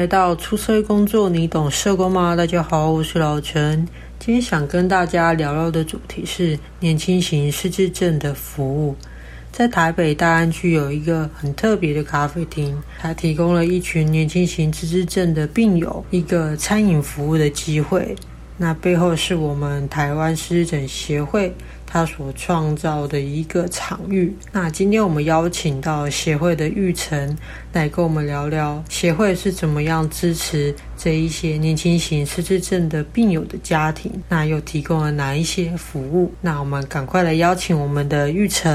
來到初社工作，你懂社工嗎？大家好，我是老陳，今天想跟大家聊聊的主題是年輕型失智症的服務。在台北大安區有一個很特別的咖啡廳，它提供了一群年輕型失智症的病友一個餐飲服務的機會。那背後是我們台灣失智症協會，他所創造的一個場域。那今天我們邀請到協會的育宸來跟我們聊聊，協會是怎麼樣支持這一些年輕型失智症的病友的家庭，那又提供了哪一些服務？那我們趕快來邀請我們的育宸。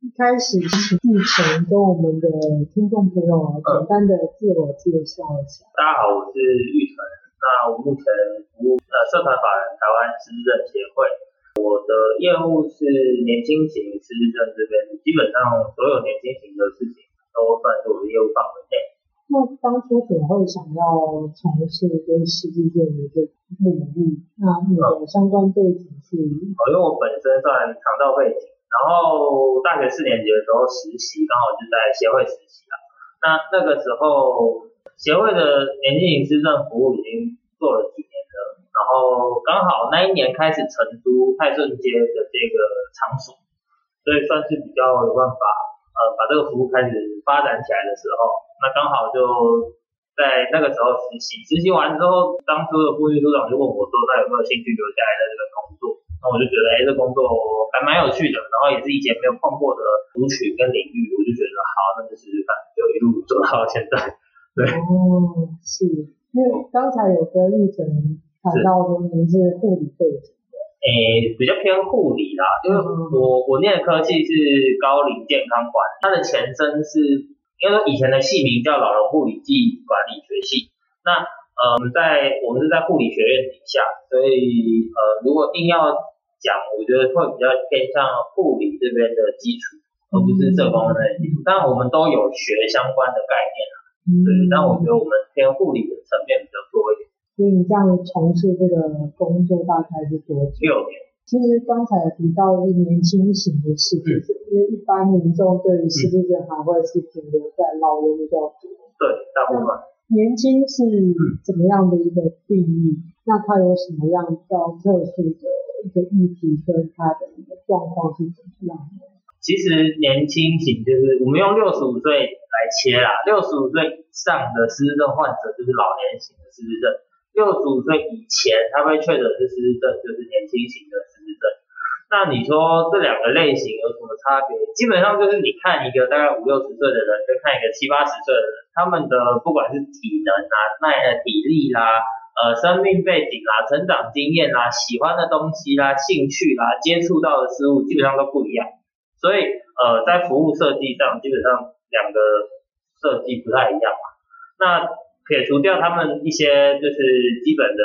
一開始，是育宸跟我們的聽眾朋友簡單的自我介紹一下、嗯。大家好，我是育宸。那我目前服務呃社團法人台灣失智症協會，我的業務是年輕型失智症這邊，基本上所有年輕型的事情都算在我的業務範圍內。那當初怎麼會想要從事跟失智症的這領域？那你的相關背景是、嗯？哦，因為我本身算長照背景，然後大學四年級的時候實習，剛好就在協會實習了。那那個時候。協會的年輕型失智症服務已經做了幾年了，然後剛好那一年開始成都泰順街的這個場所，所以算是比較有辦法，呃，把這個服務開始發展起來的時候，那剛好就在那個時候實習。實習完之後，當初的副秘書長就問我說：“他有沒有興趣留下來在這個工作？”那我就覺得，哎，這工作還蠻有趣的，然後也是以前沒有碰過的族群跟領域，我就覺得好，那就試試看，就一路走到現在。對，哦、嗯，是，那剛才有跟育宸談到是，我是護理背景的。誒，比較偏護理啦，因、嗯、為、就是、我我念的科系是高齡健康管理，它的前身是因為說以前的系名叫老人護理暨管理學系。那呃，我們在我們是在護理學院底下，所以呃，如果硬要講，我覺得會比較偏向護理這邊的基礎、嗯，而不是這方面的基礎、嗯，但我們都有學相關的概念啦。嗯、對，那我覺得我們偏護理的層面比較多一點。嗯、所以你這樣從事這個工作大概是多久？六年。其實剛才提到是年輕型的失智症，因為一般民眾對於失智症還會是停留在老人比較多。對、嗯，大部分。年輕是怎麼樣的一個定義？嗯、那它有什麼樣比較特殊的一個議題，所以它的一個狀況是怎麼樣的？其實年輕型就是我們用六十五歲來切啦，六十五歲以上的失智症患者就是老年型的失智症，六十五歲以前他被確診的是失智症就是年輕型的失智症。那你說這兩個類型有什麼差別？基本上就是你看一個大概五六十歲的人，跟看一個七八十歲的人，他們的不管是體能啊、耐體力啦、啊、呃生命背景啦、啊、成長經驗啦、啊、喜歡的東西啦、啊、興趣啦、啊、接觸到的事物，基本上都不一樣。所以，呃，在服務設計上，基本上兩個設計不太一樣嘛。那撇除掉他們一些就是基本的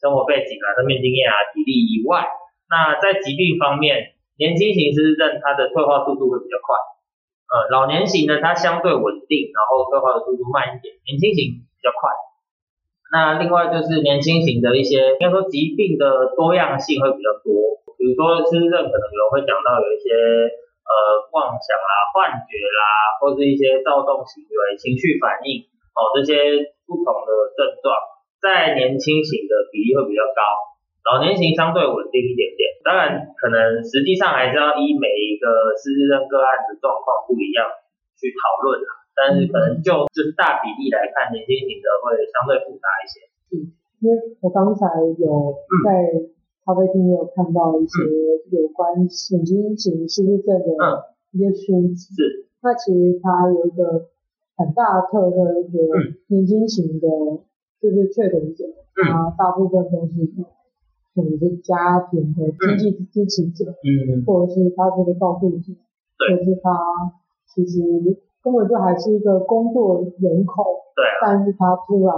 生活背景啊、生命經驗啊、體力以外，那在疾病方面，年輕型失智症它的退化速度會比較快，呃，老年型的它相對穩定，然後退化的速度慢一點，年輕型比較快。那另外就是年輕型的一些，應該說疾病的多樣性會比較多，比如說失智症，可能有人會講到有一些。呃，妄想啦、啊、幻覺啦、啊，或是一些躁動、動行為、情緒反應，哦，這些不同的症狀，在年輕型的比例會比較高，老年型相對穩定一點點。當然，可能實際上還是要依每一個失智症個案的狀況不一樣去討論啦、啊。但是可能就這大比例來看，年輕型的會相對複雜一些。嗯，因為我剛才有在、嗯。咖啡廳也有看到一些有關年輕型失智症的一些書籍。嗯、那其實它有一個很大的特徵是，年輕型的，就是確診者、嗯，他大部分都是，可能是家庭的經濟支持者，嗯，嗯，或者是他這個照顧者，或者、就是他其實根本就還是一個工作人口，對、啊，但是他突然，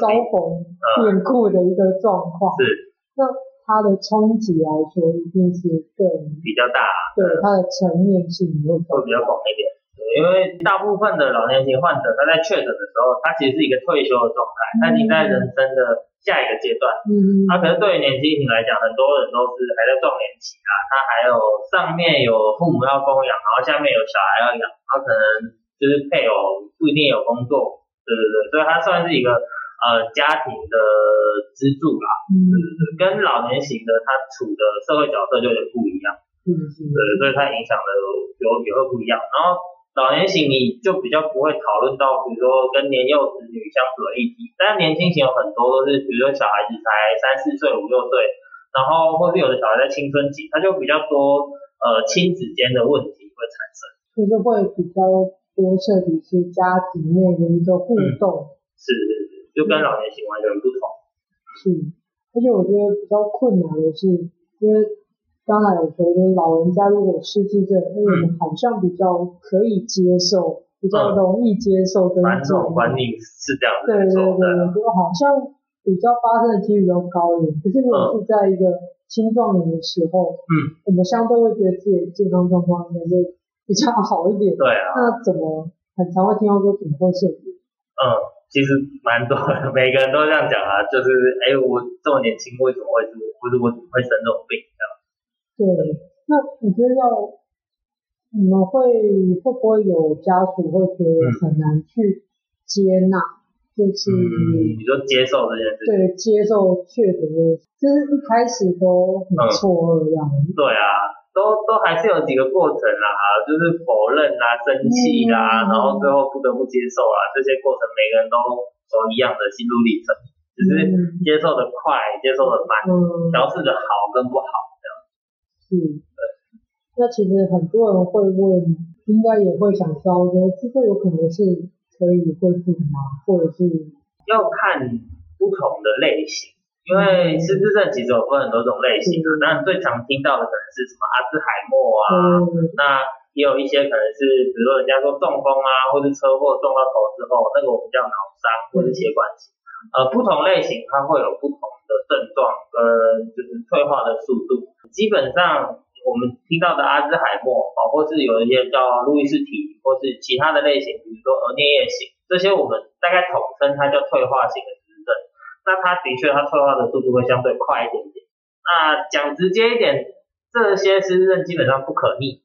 遭逢變故的一個狀況，對啊，嗯嗯嗯那他的衝擊來說，一定是更比較大，對，對他的層面性會會比較廣一點，對，因為大部分的老年型患者，他在確診的時候，他其實是一個退休的狀態，但、嗯、你在人生的下一個階段，嗯，他、啊、可能對於年輕型來講，很多人都是還在中年期啊，他還有上面有父母要供養，然後下面有小孩要養，他可能就是配偶不一定有工作，對對對，所以他算是一個。呃，家庭的支柱啦，嗯，跟老年型的他處的社會角色就有點不一樣，嗯，對，所以他影響的有也會不一樣。然後老年型你就比較不會討論到，比如說跟年幼子女相處的議題，但是年輕型有很多都是，比如說小孩子才三四歲五六歲，然後或是有的小孩在青春期，他就比較多呃親子間的問題會產生，就是會比較多涉及一些家庭內的一個互動，是是。是就跟老年型完全不同、嗯。是，而且我覺得比較困難的是，因為剛才，我覺得老人家如果失智這個嗯、因為我們好像比較可以接受，嗯、比較容易接受這種觀念，是這樣的。對對對，對我覺得好像比較發生的幾率比較高一點。可是如果是在一個青壯年的時候，嗯，我們相對會覺得自己健康狀況應該是比較好一點。對、嗯、啊。那怎麼，很常會聽到說怎麼會生病？嗯。其實蠻多的，每個人都這樣講啊，就是哎、欸，我這麼年輕，為什麼會是，或者我怎麼會生這種病，知道嗎？對，那你覺得你們會會不會有家屬會覺得很難去接納、嗯，就是、嗯、你說接受這件事，對，接受確診就是其實一開始都很錯愕的樣、嗯、對啊。都都還是有幾個過程啦、啊，就是否認啦、啊、生氣啦，然後最後不得不接受啦、啊，這些過程每個人都都一樣的心路歷程，只、就是接受的快、接受的慢，調、嗯、適的好跟不好這樣子。是。那其實很多人會問，應該也會想說，這個有可能是可以恢復的嗎？或者是要看不同的類型。因為失智症，其實有分很多種類型當、嗯、但最常聽到的可能是什麼阿茲海默啊，嗯、那也有一些可能是比如說人家說中風啊，或是車禍撞到頭之後，那個我們叫腦傷或是血管性，呃，不同類型它會有不同的症狀跟就是退化的速度。基本上我們聽到的阿茲海默啊、哦，或是有一些叫路易斯體或是其他的類型，比如說額顳葉型，這些我們大概統稱它叫退化型。那他的確，他退化的速度會相對快一點點。那講直接一點，這些失智症基本上不可逆。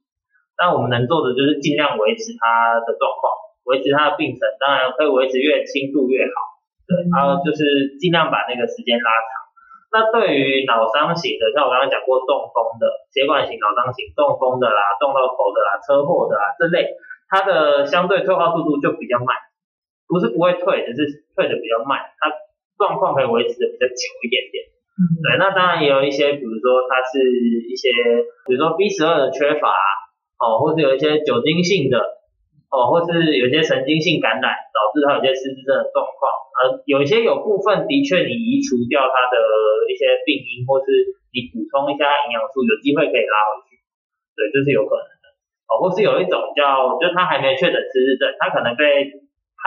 那我們能做的就是盡量維持它的狀況，維持它的病程。當然，會維持越輕度越好。對，然後就是盡量把那個時間拉長。嗯、那對於腦傷型的，像我剛剛講過中風的血管型腦傷型、中風的啦、撞到頭的啦、車禍的啦這類，它的相對退化速度就比較慢。不是不會退，只是退得比較慢。它。狀況可以維持的比較久一點點，嗯，對，那當然也有一些，比如說它是一些，比如說 B12 的缺乏，哦，或是有一些酒精性的，哦，或是有一些神經性感染導致它有些失智症的狀況，而有一些有部分的確你移除掉它的一些病因，或是你補充一下營養素，有機會可以拉回去，對，這是有可能的，哦，或是有一種叫就他還沒確診失智症，他可能被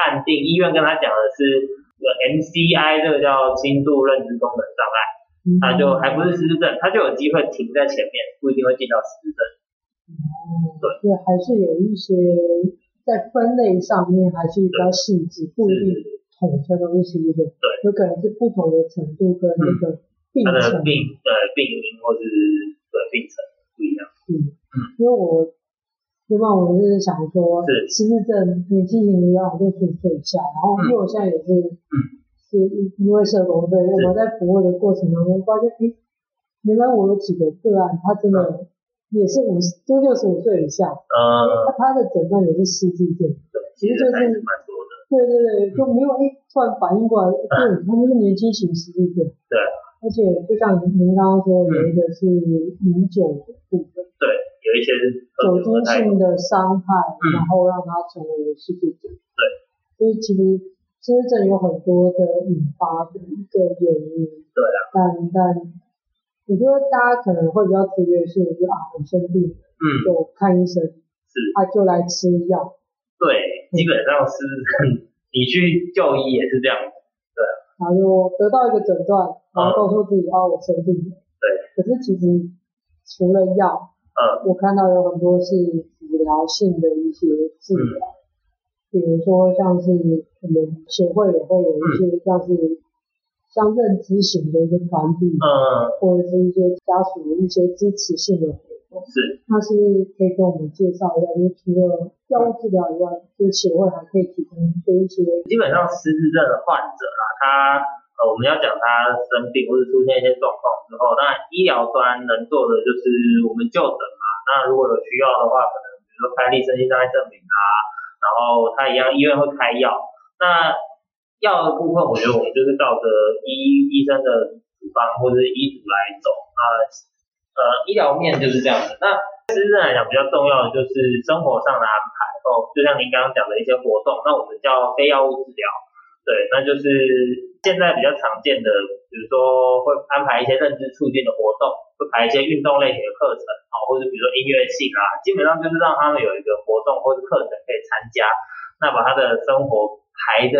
判定醫院跟他講的是。有 MCI 這個叫輕度認知功能障礙，它、嗯、就還不是失智症，他就有機會停在前面，不一定會進到失智症。哦、嗯，對，還是有一些在分類上面還是比較細緻，不一定統稱這東西的，對，有可能是不同的程度跟那個病、嗯、的病呃病因或是的病程不一樣。嗯，因為我。另外，我就是想說，失智症年輕型一樣，我就去說一下。然後，因為我現在也是，嗯、是因因為社工，對，我們在服務的過程當中發現，哎、欸，原來我有幾個個案，他真的也是五十、嗯，就六十五歲以下，嗯，啊、他的診斷也是失智症，對、嗯就是，其實就是蠻多的，對對對，嗯、就沒有，一突然反應過來，對、嗯，他們是年輕型失智症，對、啊，而且就像您剛剛說有一個是飲酒導致的，對。有一些酒精性的傷害、嗯，然後讓它成為失智症。對，所以其實失智症有很多的引發的一個原因。對啊。但但，我覺得大家可能會比較直接性，就啊我生病了，嗯，就看醫生，是，他、啊、就來吃藥。對，基本上是，你去就醫也是這樣子。對、啊，然我得到一個診斷，然後告訴自己哦、啊、我生病了。對。可是其實除了藥。嗯、我看到有很多是治療性的一些治療、嗯，比如說像是我們協會也會有一些像是認知諮詢的一些團體，嗯，或者是一些家屬的一些支持性的活動。是、嗯，他是可以跟我們介紹一下，就除了藥物治療以外、嗯，就協會還可以提供一些。基本上失智症的患者啦、啊，他。哦，我們要講他生病或者出現一些狀況之後，那醫療端能做的就是我們就診嘛。那如果有需要的話，可能比如說，開立身心障礙證明啊，然後他一樣醫院會開藥。那藥的部分，我覺得我們就是照着醫醫生的處方或者醫囑來走。那呃醫療面就是這樣子。那實質來講比較重要的就是生活上的安排哦，就像您剛剛講的一些活動，那我們叫非藥物治療。對，那就是。現在比較常見的，比如說會安排一些認知促進的活動，會排一些運動類型的課程啊，或者比如說音樂性啊，基本上就是讓他們有一個活動或者課程可以參加，那把他的生活排的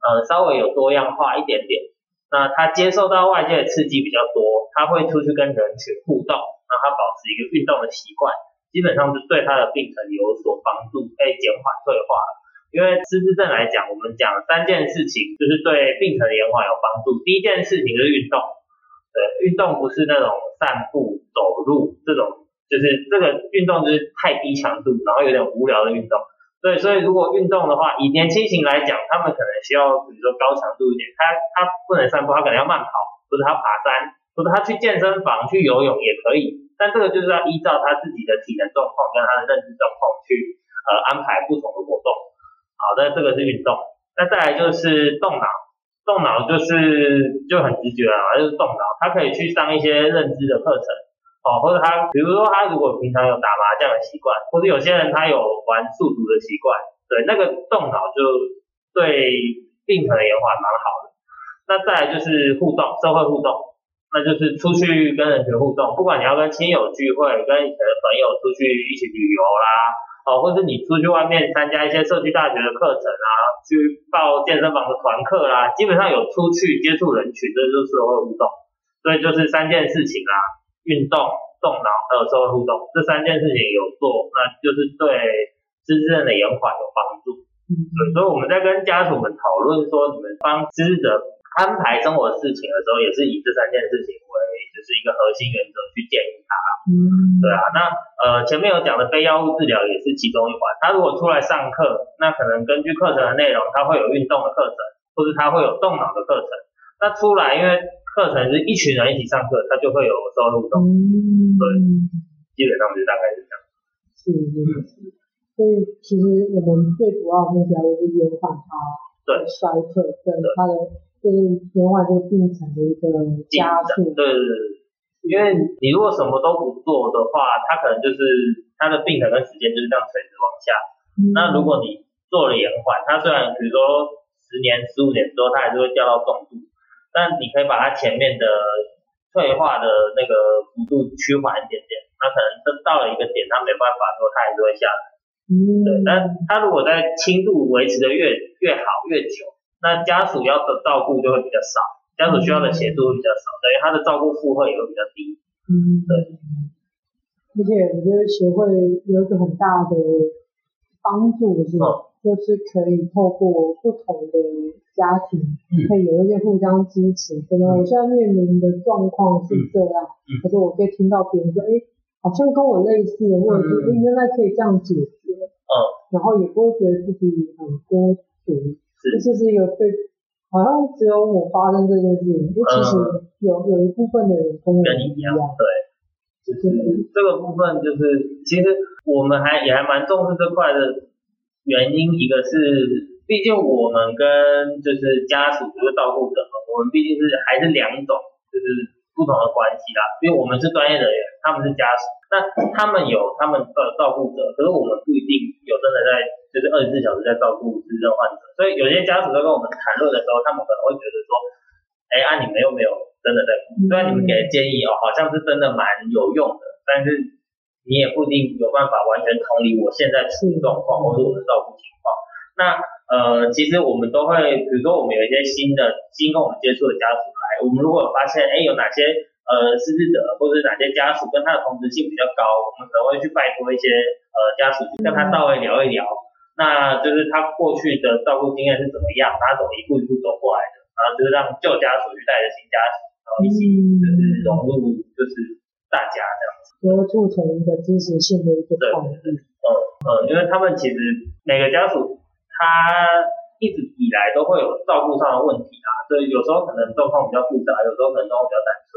呃稍微有多樣化一點點，那他接受到外界的刺激比較多，他會出去跟人群互動，讓他保持一個運動的習慣，基本上是對他的病程有所幫助，可以減緩退化。因為失智症來講，我們講了三件事情，就是對病程的延緩有幫助。第一件事情就是運動，對、呃、運動不是那種散步、走路這種，就是這個運動就是太低強度，然後有點無聊的運動。對，所以如果運動的話，以年輕型來講，他們可能需要，比如說高強度一點，他他不能散步，他可能要慢跑，或者他爬山，或者他去健身房去游泳也可以。但這個就是要依照他自己的體能狀況跟他的認知狀況去呃安排不同的活動。好的，這個是運動。那再來就是動腦，動腦就是就很直覺啊，就是動腦，他可以去上一些認知的課程，哦，或者他，比如說他如果平常有打麻將的習慣，或者有些人他有玩數獨的習慣，對，那個動腦就對病程延緩蠻好的。那再來就是互動，社會互動，那就是出去跟人群互動，不管你要跟親友聚會，跟以前的朋友出去一起旅遊啦。哦，或是你出去外面參加一些社區大學的課程啊，去報健身房的團課啦，基本上有出去接觸人群，這就是社會互動，所以就是三件事情啊，運動、動腦還有社會互動，這三件事情有做，那就是對失智症的延緩有幫助。對，所以我們在跟家屬們討論說，你們幫失智症。安排生活事情的時候，也是以這三件事情為，就是一個核心原則去建議他。嗯，對啊。那呃，前面有講的非藥物治療也是其中一環。他如果出來上課，那可能根據課程的內容，他會有運動的課程，或是他會有動腦的課程。那出來，因為課程是一群人一起上課，他就會有社會互動。嗯，對。基本上就是大概是這樣。是是，是，是、嗯。所以其實我們最主要的目標就是延緩他的衰退跟的。這一緩化就變成了一個加速。對，因為你如果什麼都不做的話，它可能就是它的病程跟時間就是這樣垂直往下。嗯。那如果你做了延緩，它雖然比如說十年、十五年之後它還是會掉到重度，但你可以把它前面的退化的那個幅度趨緩一點點。那可能就到了一個點，它沒辦法說它還是會下來。嗯。對，但它如果在輕度維持的越越好越久，那家屬要的照顧就會比較少，家屬需要的協助會比較少，等、嗯、於他的照顧負荷也會比較低。嗯，對。而且我覺得協會有一個很大的幫助是嗎，就、嗯、是就是可以透過不同的家庭，可以有一些互相支持。可、嗯、能我現在面臨的狀況是這樣，可、嗯、是我可以聽到別人說，哎，好像跟我類似的，的、嗯，或者是原來可以這樣解決，嗯，然後也不會覺得自己很孤獨。這就是一個被，好像只有我發生這件事情，就其實有、嗯、有，有一部分的工人一樣對、就是，對，就是這個部分就是其實我們還也還蠻重視這塊的原因，一個是畢竟我們跟就是家屬就是照顧者嘛，我們畢竟是還是兩種就是。不同的關係啦，因為我們是專業人員，他們是家屬，那他們有他們的照顧者，可是我們不一定有真的在，就是二十四小時在照顧重症患者，所以有些家屬在跟我們談論的時候，他們可能會覺得說，哎、欸，啊你們又沒有真的在，雖然你們給的建議哦好像是真的蠻有用的，但是你也不一定有辦法完全同理我現在處狀況或者我的照顧情況，那。呃，其實我們都會，比如說我們有一些新的新跟我們接觸的家屬來，我們如果有發現，哎，有哪些呃失智者，或者是哪些家屬跟他的同質性比較高，我們可能會去拜托一些呃家屬去跟他稍微聊一聊、嗯啊，那就是他過去的照顧經驗是怎麼樣，他怎麼一步一步走過來的，然後就是讓舊家屬去帶着新家屬，嗯、然後一起就是融入就是大家這樣子，多促成一個支持性的一個環境。嗯嗯，因為他們其實每個家屬。他一直以來都會有照顧上的問題啊，所以有時候可能狀況比較複雜，有時候可能狀況比較單純。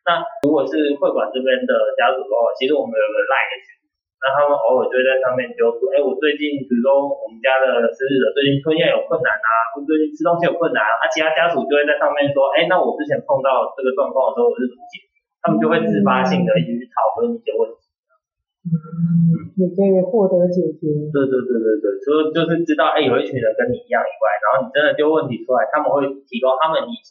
那如果是會館這邊的家屬的話，其實我們有個 LINE 的群，那他們偶爾就會在上面就說，哎、欸，我最近比如說我們家的失智者最近吞咽有困難啊，或最近吃東西有困難、啊，那、啊、其他家屬就會在上面說，哎、欸，那我之前碰到這個狀況的時候我是怎麼解決？他們就會自發性的一起去討論、一些問題、啊。嗯也可以獲得解決。對對對對對，除了就是知道哎、欸，有一群人跟你一樣以外，然後你真的丟問題出來，他們會提供他們以前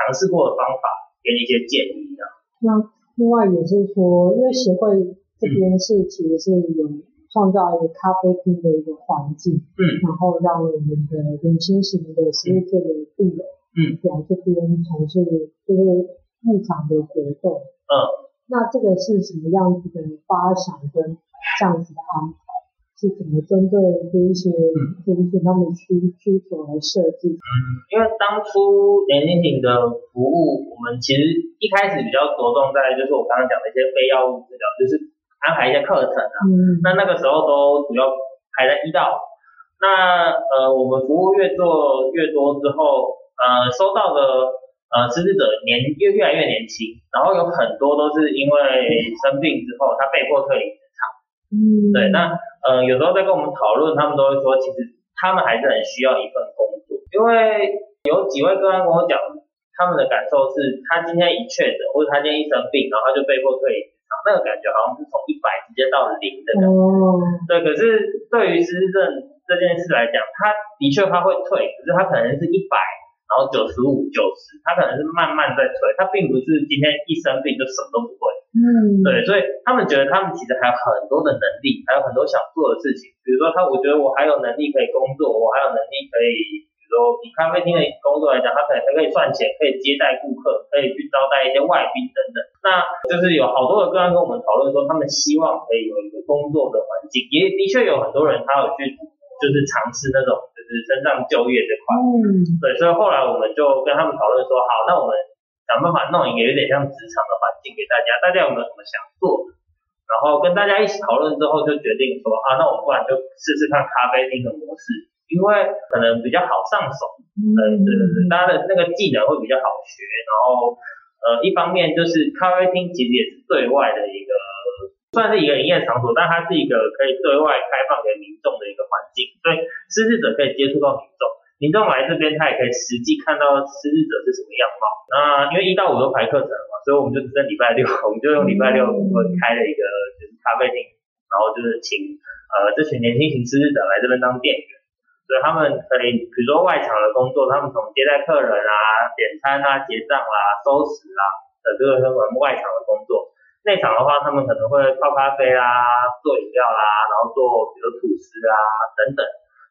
嘗試過的方法，給你一些建議，那、嗯、另外也是說，因為協會這邊是、嗯、其實是有創造一個咖啡廳的一個環境，嗯，然後讓我們的年輕型的失智症的病友，嗯，來這邊從事這些日常的活動，嗯。那這個是什麼樣子的發展跟這樣子的安排，是怎麼針對就一些就是他們需需求來設計？嗯，因為當初年輕型的服務，我們其實一開始比較着重在就是我剛剛講的一些非藥物治療，就是安排一些課程啊。嗯。那那個時候都主要排在一道。那呃，我們服務越做越多之後，呃，收到的。呃，失智者年越越來越年輕，然後有很多都是因為生病之後，嗯、他被迫退離職場。嗯，對，那呃有時候在跟我們討論，他們都會說，其實他們還是很需要一份工作，因為有幾位剛剛跟我講，他們的感受是，他今天一確診，或者他今天一生病，然後他就被迫退離職場，那個感覺好像是從一百直接到零的感覺，嗯。對，可是對於失智症這件事來講，他的確他會退，可是他可能是一百。然後九十五、九十，他可能是慢慢在退，他並不是今天一生病就什麼都不會。嗯，對，所以他們覺得他們其實還有很多的能力，還有很多想做的事情。比如說他，我覺得我還有能力可以工作，我還有能力可以，比如說以咖啡廳的工作來講，他可能還可以賺錢，可以接待顧客，可以去招待一些外賓等等。那就是有好多的個人跟我們討論說，他們希望可以有一個工作的環境。也的確有很多人他有去，就是嘗試那種。是身上就業這塊，嗯，對，所以後來我們就跟他們討論說，好，那我們想辦法弄一個有點像職場的環境給大家，大家有沒有什麼想做？然後跟大家一起討論之後，就決定說啊，那我們不然就試試看咖啡廳的模式，因為可能比較好上手，嗯，對對對，對，大家的那個技能會比較好學，然後呃，一方面就是咖啡廳其實也是對外的一個。算是一個營業場所，但它是一個可以對外開放給民眾的一個環境，所以失智者可以接觸到民眾，民眾來這邊他也可以實際看到失智者是什麼樣貌。那因為一到五都排課程了嘛，所以我們就只剩禮拜六，我們就用禮拜六，我們開了一個就是咖啡廳，然後就是請呃這群年輕型失智者來這邊當店員，所以他們可以，比如說外場的工作，他們從接待客人啊、點餐啊、結賬啦、啊、收拾啦等這個他們外場的工作。內場的話，他們可能會泡咖啡啦，做飲料啦，然後做比如說吐司啊等等。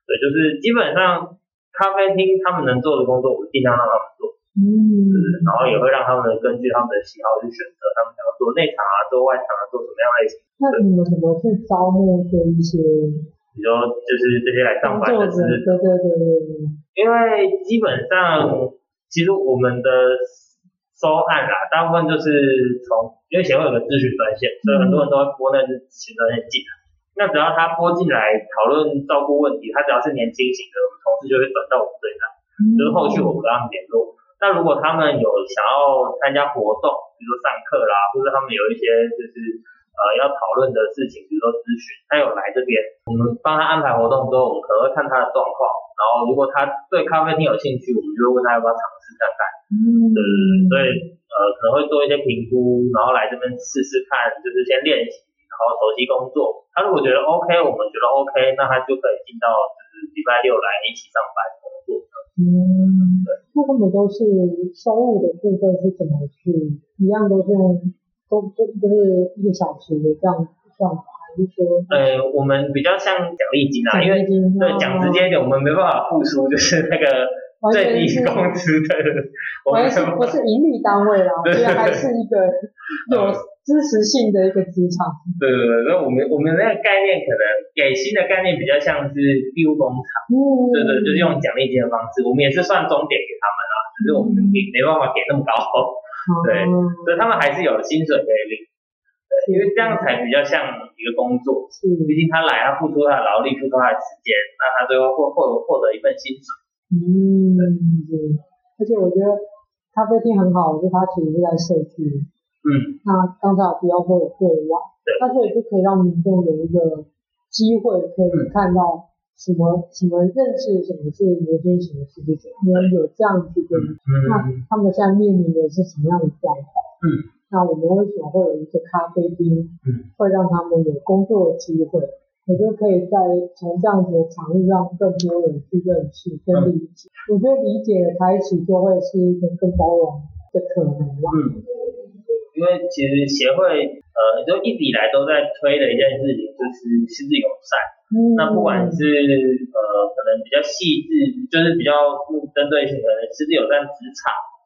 對，就是基本上咖啡廳他們能做的工作，我儘量讓他們做，嗯、就是，然後也會讓他們根據他們的喜好去選擇，他們想要做內場啊，做外場啊，做什麼樣的類型。對。那你們怎麼去招募這一些，比如就是這些來上班的是人，對對對對對。因為基本上其實我們的。收案啦，大部分就是從，因為前面會有個諮詢專線，所以很多人都會撥那個諮詢專線進來。那只要他撥進來討論照顧問題，他只要是年輕型的，我們同事就會轉到我們這來、嗯。就是後續我們跟他們聯絡。那、哦、如果他們有想要參加活動，比如說上課啦，或者他們有一些就是呃要討論的事情，比如說諮詢，他有來這邊，我們幫他安排活動之後，我們可能會看他的狀況，然後如果他對咖啡廳有興趣，我們就會問他要不要嘗試。看、就是、嗯，對對對，所以呃可能會做一些評估，然後來這邊試試看，就是先練習，然後熟悉工作。他、啊、如果覺得 OK，我們覺得 OK，那他就可以進到就是禮拜六來一起上班工作。就是、嗯，對。那他們都是收入的部分是怎麼去？一樣都是都、都、就是一個小時的這樣這樣排、嗯，就說呃、嗯嗯、我們比較像獎勵金啊，因為歷對講直接一點，我們沒辦法付出、嗯，就是那個。在你公司的，我什麼？不是盈利單位啦，對，對，對，還是一個有知識性的一個職場。對，對對對，那我們我們那個概念可能給新的概念比較像是庇護工廠、嗯，對對，就是用獎勵金的方式，我們也是算終點給他們啦，只是我們沒沒辦法給那麼高、嗯，對，所以他們還是有薪水可以領，對，因為這樣才比較像一個工作，嗯，畢竟他來他付出他的勞力，付出他的時間，那他最後獲獲獲得一份薪水。嗯對，而且我覺得咖啡廳很好，我覺得它其實是在社區，嗯。那剛才我比較說的對吧？對、嗯。那這裡就可以讓民眾有一個機會，可以看到什麼、嗯、什麼認識什麼是年輕型的失智症，你們、嗯、有這樣子的、嗯嗯？那他們現在面臨的是什麼樣的狀況？嗯。那我們為什麼會有一個咖啡廳？嗯。會讓他們有工作的機會。我就可以在從這樣子的場域，讓更多人去認識跟己、嗯、理解。我覺得理解的開始，就會是一個更包容的可能、啊。嗯。因為其實協會，呃，就一直以來都在推的一件事情，就是失智友善。嗯。那不管是呃，可能比較細緻，就是比較針對性，可能失智友善職場、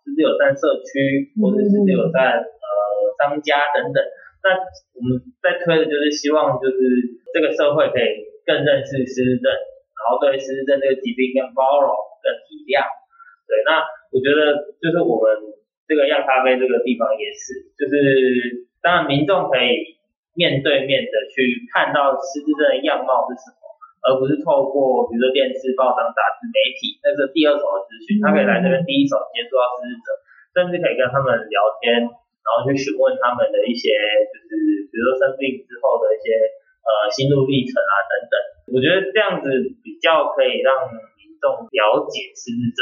失智友善社區，或者失智友善呃商家等等。那我們在推的就是希望，就是這個社會可以更認識失智症，然後對失智症這個疾病更包容、更體諒。對，那我覺得就是我們這個 Young 咖啡這個地方也是，就是當然民眾可以面對面的去看到失智症的樣貌是什麼，而不是透過比如說電視、報章、雜誌、媒體那個第二手的資訊，他可以來這邊第一手接觸到失智者，甚至可以跟他們聊天。然後去詢問他們的一些，就是比如說生病之後的一些，呃，心路歷程啊等等。我覺得這樣子比較可以讓民眾了解失智者。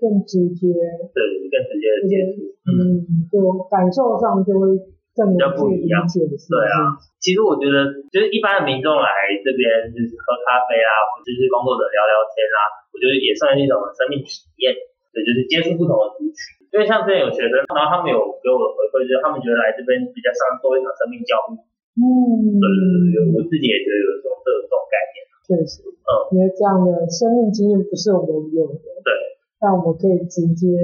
更直接，對，更直接的接觸，嗯，就、嗯嗯、感受上就會比較不一樣解解，對啊。其實我覺得，就是一般的民眾來這邊就是喝咖啡啊，或者是工作者聊聊天啊，我覺得也算是一種生命體驗，對，就是接觸不同的族群。因為像之前有學生，然後他們有給我的回饋，就是他們覺得來這邊比較像做一場生命教育。嗯。我自己也覺得有一種這種概念，啊。確實。嗯。因為這樣的生命經驗不是我們用的。對。但我們可以直接，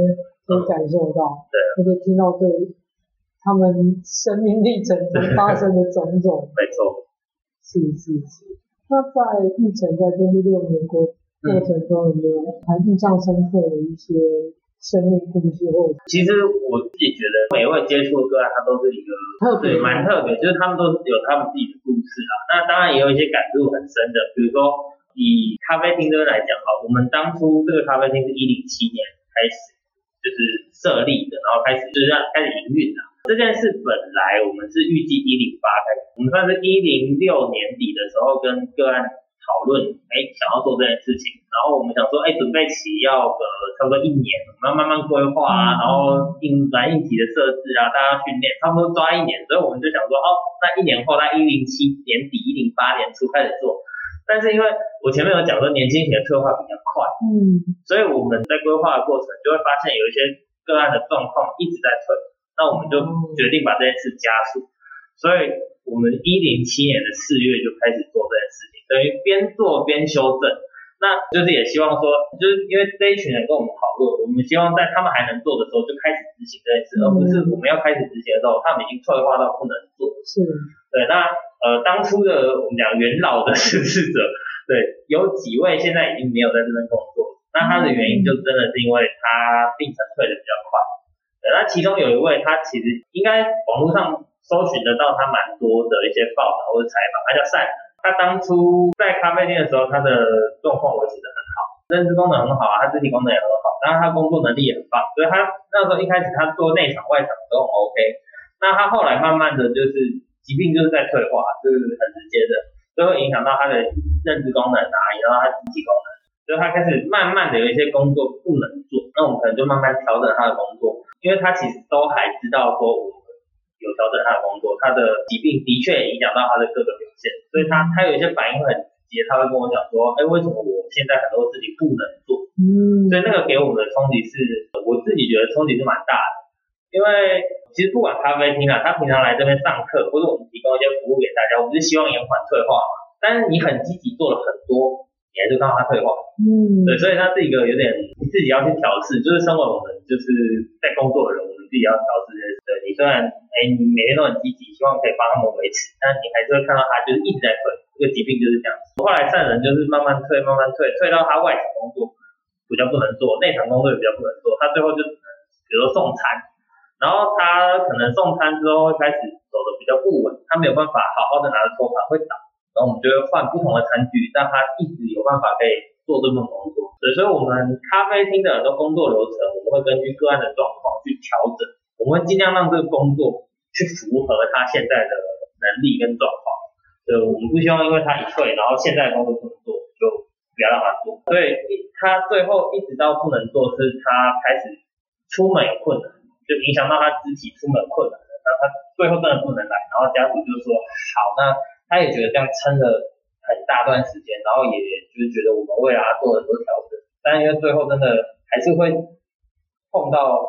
嗯，可以感受到。對、啊。或者聽到對，他們生命歷程中發生的種種。呵呵沒錯。是是是。那在育宸在經歷六年過過程中，有沒有還印象深刻的一些？生命故事，其實我自己覺得每位接觸的個案，他都是一個對，蠻特別，就是他們都有他們自己的故事啊。那當然也有一些感觸很深的，比如說以咖啡廳這邊來講哈，我們當初這個咖啡廳是一零七年開始就是設立的，然後開始就是開始營運的。這件事本來我們是預計一零八開，我們算是一零六年底的時候跟個案，討論哎、欸，想要做這件事情，然後我們想說哎、欸，準備期要個、呃、差不多一年，我們要慢慢規劃啊、嗯，然後軟硬體的設置啊，大家訓練，差不多抓一年，所以我們就想說哦，那一年後在一零七年底一零八年初開始做，但是因為我前面有講說年輕型的退化比較快，嗯，所以我們在規劃的過程就會發現有一些個案的狀況一直在退，那我們就決定把這件事加速，所以。我們一零七年的四月就開始做這件事情，等於邊做邊修正。那就是也希望說，就是因為這一群人跟我們討論，我們希望在他們還能做的時候就開始執行這件事，而、嗯、不是我們要開始執行的時候，他們已經退化到不能做。是、嗯，對。那呃，當初的我們講元老的失智者，對，有幾位現在已經沒有在這邊工作、嗯。那他的原因就真的是因為他病程退得比較快。對，那其中有一位，他其實應該網絡上。搜尋得到他蠻多的一些報道或者採訪，他叫賽，他當初在咖啡店的時候，他的狀況維持的很好，認知功能很好啊，他肢體功能也很好，然後他工作能力也很棒，所以他那時候一開始他做內場外場都很 OK。那他後來慢慢的就是疾病就是在退化，就是很直接的，就會影響到他的認知功能啊，影響到他身體功能，所以他開始慢慢的有一些工作不能做，那我們可能就慢慢調整他的工作，因為他其實都還知道說我。有調整他的工作，他的疾病的確影響到他的各個表現，所以他他有一些反應會很急，他會跟我講說，哎、欸，為什麼我現在很多事情不能做？嗯，所以那個給我們的衝擊是，我自己覺得衝擊是蠻大的，因為其實不管咖啡廳啊，平他平常來這邊上課，或者我們提供一些服務給大家，我們是希望延緩退化嘛，但是你很積極做了很多，你還是看到他退化，嗯，對，所以他這個有點你自己要去調適，就是身為我們就是在工作的人。自己要調整的，對。你雖然，哎、欸，你每天都很積極，希望可以幫他們維持，但你還是會看到他就是一直在退，這個疾病就是這樣子。後來善人就是慢慢退，慢慢退，退到他外場工作比較不能做，內場工作也比較不能做，他最後就只能比如說送餐，然後他可能送餐之後會開始走的比較不穩，他沒有辦法好好的拿着托盤會倒，然後我們就會換不同的餐具，讓他一直有辦法可以做這份工作。對，所以，我們咖啡廳的很多工作流程，我們會根據個案的狀況去調整。我們會儘量讓這個工作去符合他現在的能力跟狀況。對，我們不希望因為他一退，然後現在的工作不能做，就不要讓他做。所以，一他最後一直到不能做，是他開始出門有困難，就影響到他自己出門困難了，然後他最後真的不能來。然後家屬就說好，那他也覺得這樣撐了，很大段時間，然後也就是覺得我們為了他做很多調整，但因為最後真的還是會碰到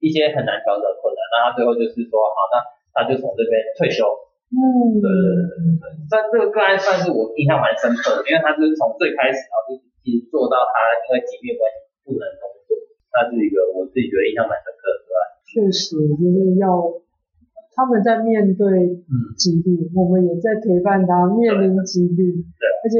一些很難調整的困難，那他最後就是說，好，那他就從這邊退休。嗯，對對對對對。但這個個案算是我印象蠻深刻的，因為他是從最開始啊，一直一直做到他因為疾病關係不能工作。那是一個我自己覺得印象蠻深刻的個案。確實，就是要。他們在面對疾病、嗯，我們也在陪伴他面臨疾病。對，而且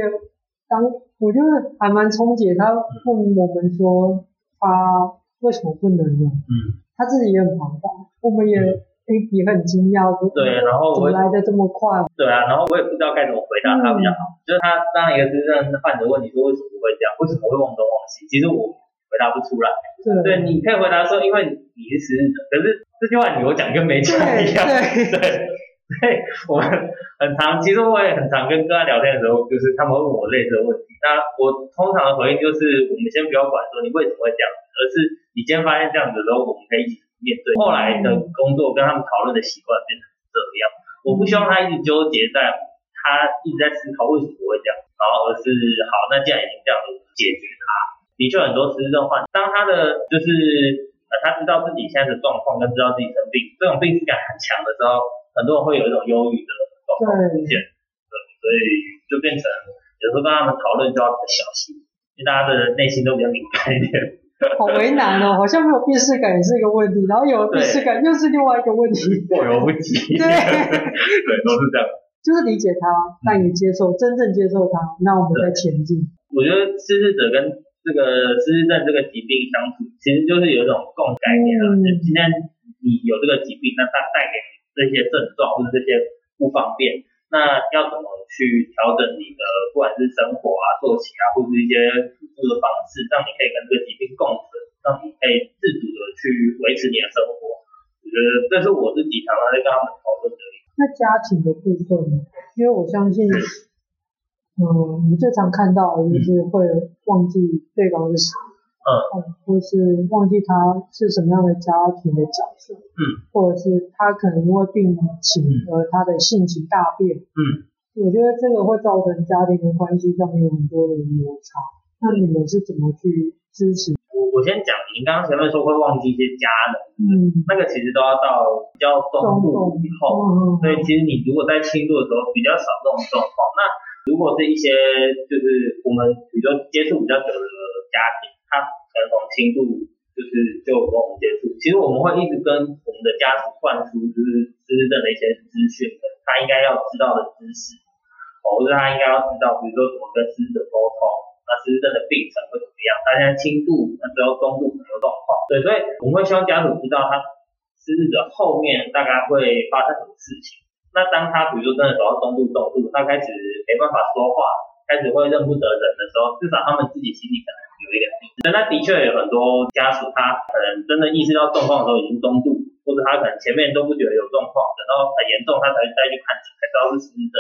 當，我就是還蠻憧憬，他問我們說，他、嗯啊、為什麼不能呢？嗯，他自己也很彷徨，我們也也、嗯欸、也很驚訝。對，然後我來得這麼快。對啊，然後我也不知道該怎麼回答他比較好。嗯、就是他當一個精的患者的問你說為什麼會這樣，為什麼會忘東忘西？其實我。回答不出來。對對，對，你可以回答說，因為你是失智者，可是這句話你有講跟沒講一樣。對對，對，對。我們很常，其實我也很常跟跟他聊天的時候，就是他們問我類似的問題，那我通常的回應就是，我們先不要管說你為什麼會這樣，而是你今天發現這樣子的時候，我們可以一起面對。後來的工作跟他們討論的習慣變成這樣，我不希望他一直糾結在，他一直在思考為什麼會這樣，然後而是好，那既然已經這樣，我們解決它。的確，很多失智症患者，當他的就是呃，他知道自己現在的狀況，跟知道自己生病，這種病識感很強的時候，很多人會有一種憂鬱的狀況出現。對，所以就變成有時候跟他們討論就要很小心，因為大家的內心都比較敏感一點。好為難哦，好像沒有病識感也是一個問題，然後有病識感又是另外一個問題。過猶不及。對，對，都 是這樣。就是理解他，但也接受、嗯，真正接受他，那我們再前進。我覺得失智者跟這個失智症這個疾病相處，其實就是有一種共概念了，嗯。今天你有這個疾病，那它帶給你這些症狀或者這些不方便，那要怎麼去調整你的，不管是生活啊、作息啊，或者是一些輔助的方式，讓你可以跟這個疾病共存，讓你可以自主的去維持你的生活。我覺得這是我自己常常在跟他們討論的。那家庭的部分呢？因為我相信。 嗯，我最常看到的就是會忘記對方是啥、嗯。嗯，或是忘記他是什麼樣的家庭的角色，嗯，或者是他可能因為病情而他的性情大變嗯，嗯，我覺得這個會造成家庭的關係上面有很多的摩擦。那你們是怎麼去支持？我我先講，你剛剛前面說會忘記一些家人。嗯，就是、那個其實都要到比較重度以後東東、嗯，所以其實你如果在輕度的時候比較少這種狀況、嗯，那。如果是一些就是我們，比如說接觸比較久的家庭，他可能從輕度就是就跟我們接觸，其實我們會一直跟我們的家屬灌輸就是失智症的一些資訊，他應該要知道的知識，哦，或者他應該要知道，比如說怎麼跟失智者溝通，那失智症的病程會怎麼樣，大家輕度，那之後中度可能有狀況，對，所以我們會希望家屬知道他失智的後面大概會發生什麼事情。那當他，比如說真的走到中度、重度，他開始沒辦法說話，開始會認不得人的時候，至少他們自己心裡可能有一個底。那的確有很多家屬，他可能真的意識到狀況的時候已經中度，或者他可能前面都不覺得有狀況，等到很嚴重他才會再去看診，才知道是失智症，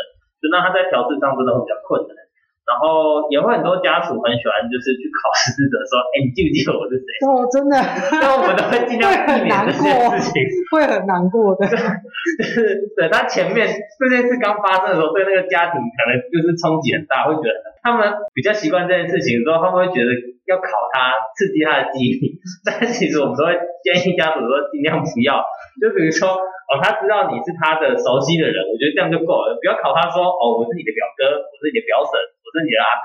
就那他在調適上真的會比較困難。然後也會很多家屬很喜歡，就是去考試的，說，哎，你記不記得我是誰？哦，真的。那我們都會儘量避免這些事情，會很難過的。對，對，就是，對，他前面這件事剛發生的時候，對那個家庭可能就是衝擊很大，會覺得他們比較習慣這件事情，之後他們會覺得要考他，刺激他的記憶。但其實我們都會建議家屬說，儘量不要。就比如說哦，他知道你是他的熟悉的人，我覺得這樣就夠了，不要考他說，哦，我是你的表哥，我是你的表嬸。我是你的得阿貝，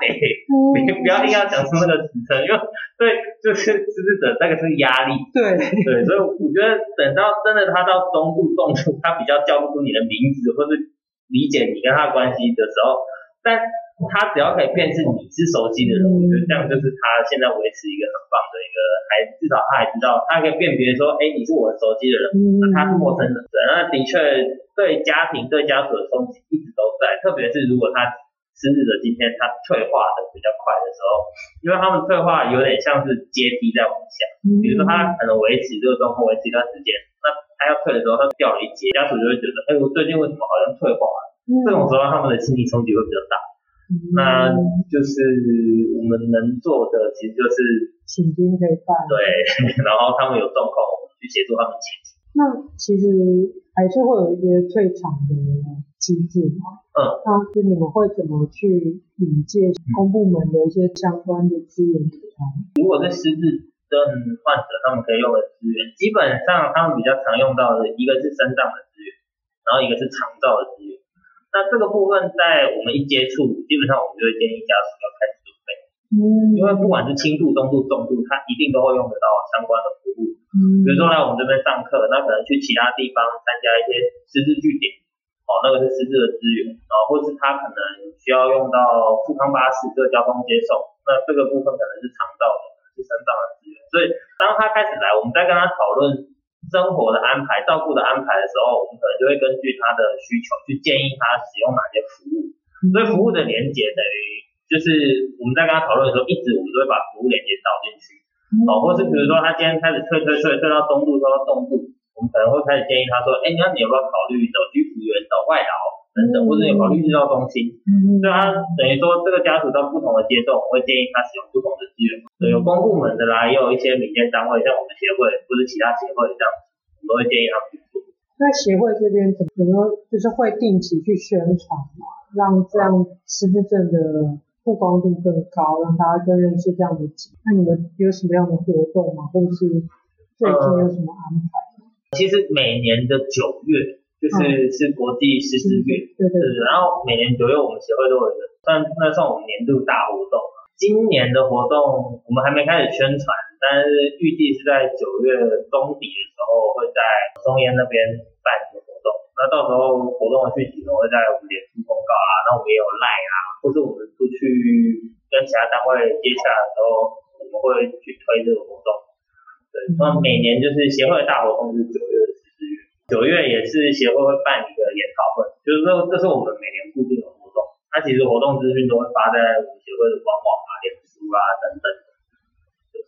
你不要硬要講出那個職稱，因為對，就是就是的那、這個是壓力。對對，所以我覺得等到真的他到中度重度，他比較叫不出你的名字，或是理解你跟他關係的時候，但他只要可以辨認你是熟悉的人、嗯，我覺得這樣就是他現在維持一個很棒的一個，還至少他還知道，他可以辨別說，哎、欸，你是我熟悉的人，那、嗯啊、他是陌生人。那的確對家庭對家屬的衝擊一直都在，特別是如果他。甚至的今天，他退化的比較快的時候，因為他們退化有點像是階梯在往下、嗯啊，比如說他可能維持這個狀況維持一段時間，那他要退的時候，他掉了一階，家屬就會覺得，哎、欸，我最近為什麼好像退化了？嗯，這種時候他們的心理衝擊會比較大、嗯。那就是我們能做的，其實就是請醫生可以辦，對，然後他們有狀況，我們去協助他們前進。那其實還是會有一些退場的失智嗎？嗯，那你們會怎麼去引薦公部門的一些相關的資源給他？如果是失智症患者，他們可以用的資源，基本上他們比較常用到的一個是身障的資源，然後一個是長照的資源。那這個部分在我們一接觸，基本上我們就會建議家屬要開始準備。嗯、因為不管是輕度、中度、重度，他一定都會用得到相關的服務。嗯、比如說來我們這邊上課，那可能去其他地方參加一些失智據點。哦，那個是實質的資源，啊、哦，或是他可能需要用到復康巴士這個交通接送，那這個部分可能是長照的，可能是身障的資源。所以當他開始來，我們在跟他討論生活的安排、照顧的安排的時候，我們可能就會根據他的需求去建議他使用哪些服務。嗯、所以服務的連接等於就是我們在跟他討論的時候，一直我們都會把服務連接導進去。哦，或是比如說他今天開始退退退退到中路，退到東部。我們可能會開始建議他說：“哎、欸，你你有沒有考慮走居服員、走外勞等等，嗯、或者有考慮日照中心。”嗯嗯。所以他等於說，這個家屬到不同的階段，我會建議他使用不同的資源。所以有公部門的啦、嗯，也有一些民間單位，像我們協會或者其他協會這樣子，我們都會建議他去做。那協會這邊怎麼說，就是會定期去宣傳嘛，讓這樣失智症的曝光度更高，讓大家更認識這樣的。那你們有什麼樣的活動嗎？或者是最近有什麼安排？嗯其實每年的九月就是、嗯、是國際失智月，嗯、是然後每年九月我們協會都會算那算我們年度大活動。今年的活動我們還沒開始宣傳，但是預計是在九月中底的時候會在松菸那邊辦一個活動。那到時候活動的訊息呢，會在我們臉書公告啊，那我們也有 Line 啊，或是我們出去跟其他單位接洽的時候，我們會去推這個活動。對，那每年就是協會的大活動是九月的十四月，九月也是協會會辦一個研討會，就是說這是我們每年固定的活動。那其實活動資訊都會發在我們協會的官網啊、臉書啊等等。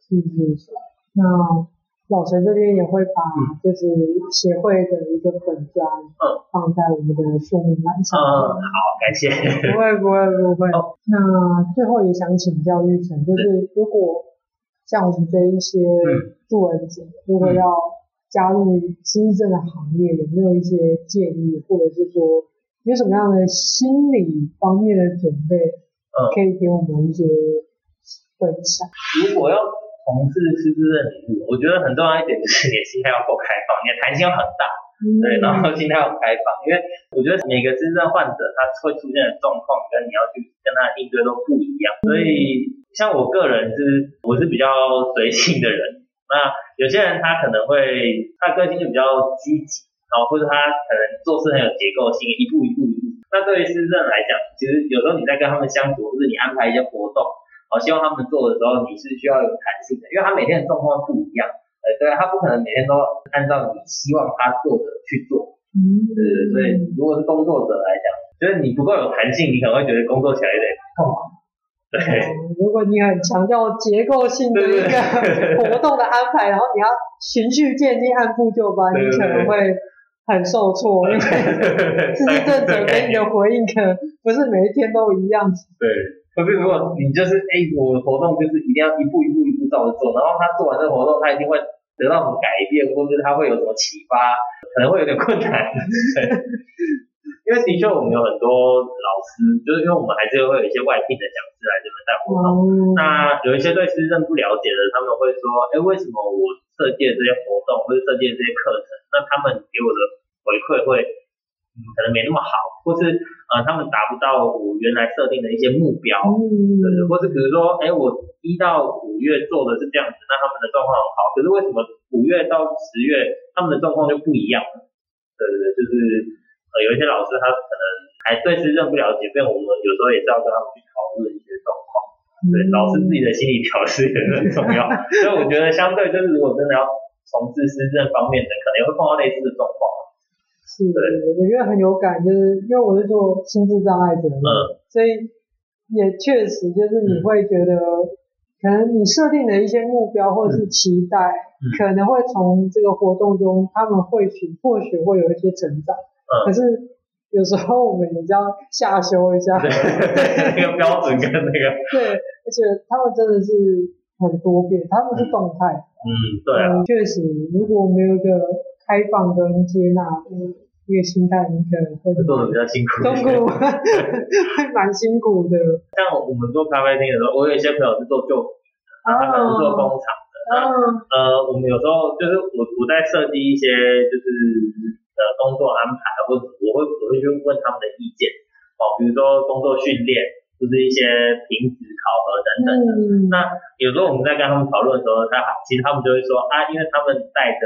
是是是。那老陳這邊也會把就是協會的一個粉專嗯放在我們的說明欄上。嗯嗯，好，感謝。不會不會不會。哦。那最後也想請教育宸，就是如果。像我們這一些助人者，如果要加入失智症的行業，有沒有一些建議，或者是說有什麼樣的心理方面的準備，嗯、可以給我們一些分享？如果要從事失智症的領域，我覺得很重要一點就是，你的心態要夠開放，你的彈性要很大。 對，然後心態要開放，因為我覺得每個失智症患者，他會出現的狀況跟你要去跟他的應對都不一樣，所以像我個人是，我是比較隨性的人，那有些人他可能會他的個性就比較拘謹，哦，或者他可能做事很有結構性，一步一步。一步。那對於失智症來講，其實有時候你在跟他們相處，或、就、者、是、你安排一些活動，哦，希望他們做的時候你是需要有彈性的，因為他每天的狀況不一樣。對，他不可能每天都按照你希望他做的去做，嗯，對對對，所以如果是工作者來講，就是你不夠有彈性，你可能會覺得工作起來有點痛、啊。難。對、哦，如果你很強調結構性的一個活動的安排，對對，然後你要循序漸進和步、按部就班，你可能會很受挫，對不對？因為失智症長者給你的回應可能不是每一天都一樣。對，可是、嗯、如果你就是哎，我活動就是一定要一步一步一步照着做，然後他做完這個活動，他一定會。得到什麼改變，或者是他會有什麼啟發，可能會有點困難， 因為的確我們有很多老師，就是因為我們還是會有一些外聘的講師來這邊帶活動、嗯，那有一些對師生不了解的，他們會說，哎、欸，為什麼我設計的這些活動，或是設計的這些課程，那他們給我的回饋會。嗯、可能沒那麼好，或是呃，他們達不到我原來設定的一些目標，對、嗯、對，或是比如說，哎、欸，我一到五月做的是這樣子，那他們的狀況很好，可是為什麼五月到十月他們的狀況就不一樣呢？對對對，就是呃，有一些老師他可能還對失智不了解，我們有時候也是要跟他們去討論一些狀況、嗯，對，老師自己的心理調適也很重要，所 以我覺得相對就是如果真的要從事失智方面的，可能也會碰到類似的狀況。是對，我覺得很有感，就是因為我是做心智障礙者的、嗯，所以也確實就是你會覺得，嗯、可能你設定的一些目標或者是期待、嗯嗯，可能會從這個活動中，他們會許或許會有一些成長。嗯。可是有時候我們也要下修一下。對。 那個標準跟那個。對，而且他們真的是很多變，他們是動態。嗯，對、啊嗯。確實，如果沒有一個。開放跟接納，一個心態，你可能會做的比較辛苦，還蠻 辛苦的。像我們做咖啡廳的時候，我有一些朋友是做舊品的，他們是做工廠的，哦、呃，我們有時候就是我我在設計一些就是呃工作安排，或者我我會我會去問他們的意見，哦，比如說工作訓練。就是一些評值考核等等的，嗯。那有時候我們在跟他們討論的時候，他其實他們就會說啊，因為他們帶的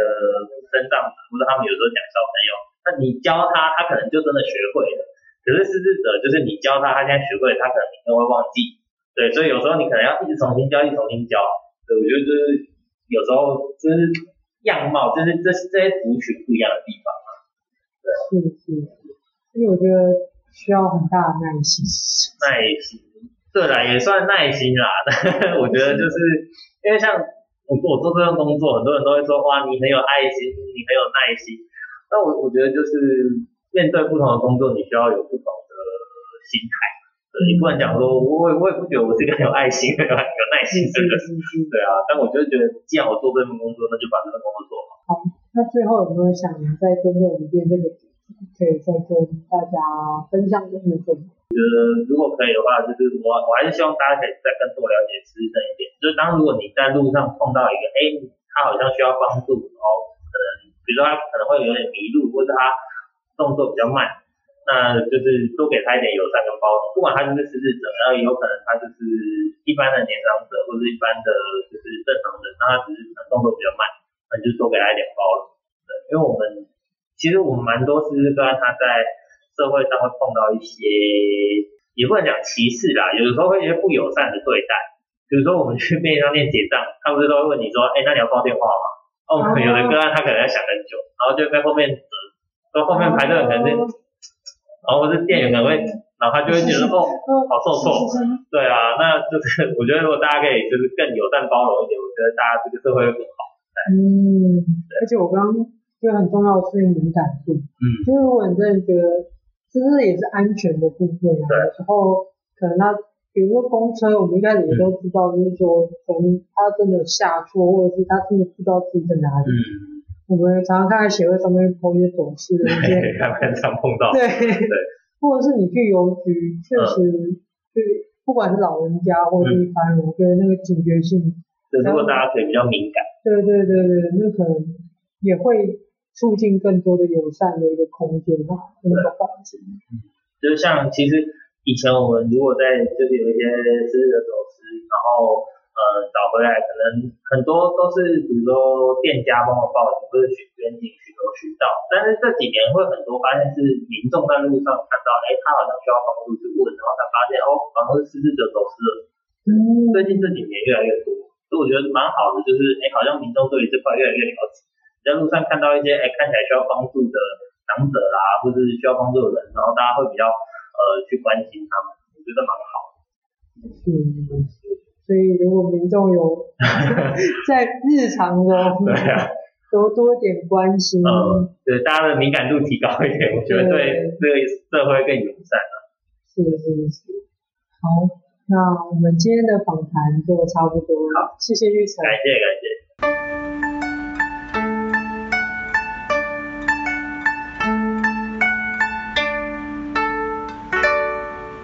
身上，或者他們有時候講小朋友，那你教他，他可能就真的學會了。可是失智者就是你教他，他現在學會了，他可能明天會忘記。對，所以有時候你可能要一直重新教，一直重新教。對，我覺得就是有時候就是樣貌，就是這些這些族群不一樣的地方嘛。對，是是是。其實我覺得。需要很大的耐心，耐心，對啦，也算耐心啦。但我覺得就是，是因為像我做這份工作，很多人都會說哇，你很有愛心，你很有耐心。那我我覺得就是面對不同的工作，你需要有不同的心態。對、嗯，你不能講說我也我也不覺得我是一個很有愛心的，有耐心的、的。對啊，但我就覺得，既然我做這份工作，那就把這份工作做好。好，那最後有沒有想再討論一遍這個？可以再跟大家分享這是什呃，如果可以的話，就是我我還是希望大家可以再更多了解失智症一點，就是當如果你在路上碰到一個，哎、欸，他好像需要幫助，然後可能比如說他可能會有點迷路，或者他動作比較慢，那就是多給他一點友善跟包容。不管他是不是失智者，然後也有可能他就是一般的年長者，或者一般的就是正常人，那他只是動作比較慢，那就多給他一點包容。對，因為我們。其實我們蠻多是跟、啊、他在社會上會碰到一些，也不能講歧視啦，有的時候會一些不友善的對待。比如說我們去便利商店結賬，他不是都會問你說，哎，那你要報電話嗎？哦，有的個他，他可能要想很久，然後就在後面、嗯，說後面排隊可能、啊，然後是店員可能會，然後他就會覺得哦，好受挫、嗯嗯。對啊，那就是我覺得如果大家可以就是更友善包容一點，我覺得大家這個社會會更好。嗯，而且我剛。就很重要的是敏感度，嗯，就是我真的覺得，其實也是安全的部分、啊。有時候可能他，比如說公車，我們一開始也都知道，就是說可能他真的下錯，或者是他真的不知道自己在哪裡。嗯。我們常常看看協會上面 PO 一些走失的，可以看看常碰到。對對，對。或者是你去郵局，確實，對、嗯、不管是老人家或者一般人、嗯，我覺得那個警覺性，就如果大家可以比較敏感，對，對對對對，那可能也會。促進更多的友善的一個空間那個環境。嗯，就像其實以前我們如果在就是有一些失智者走失，然後呃、嗯、找回來，可能很多都是比如說店家幫我報警或者去援警許多渠道，但是這幾年會很多發現是民眾在路上看到，哎、欸，他好像需要幫助去問，然後他發現哦，好像是失智者走失。嗯。最近這幾年越來越多，所以我覺得蠻好的，就是哎、欸，好像民眾對於這塊越來越了解。在路上看到一些哎、欸、看起來需要幫助的長者啦、啊，或者是需要幫助的人，然後大家會比較呃去關心他們，我覺得蠻好的。嗯，所以如果民眾有 在日常中對啊多多點關心，嗯、呃，對大家的敏感度提高一點，我覺得對，對，對這個社會更友善了。是是是，是。好，那我們今天的訪談就差不多了。好，謝謝育宸。感謝感謝。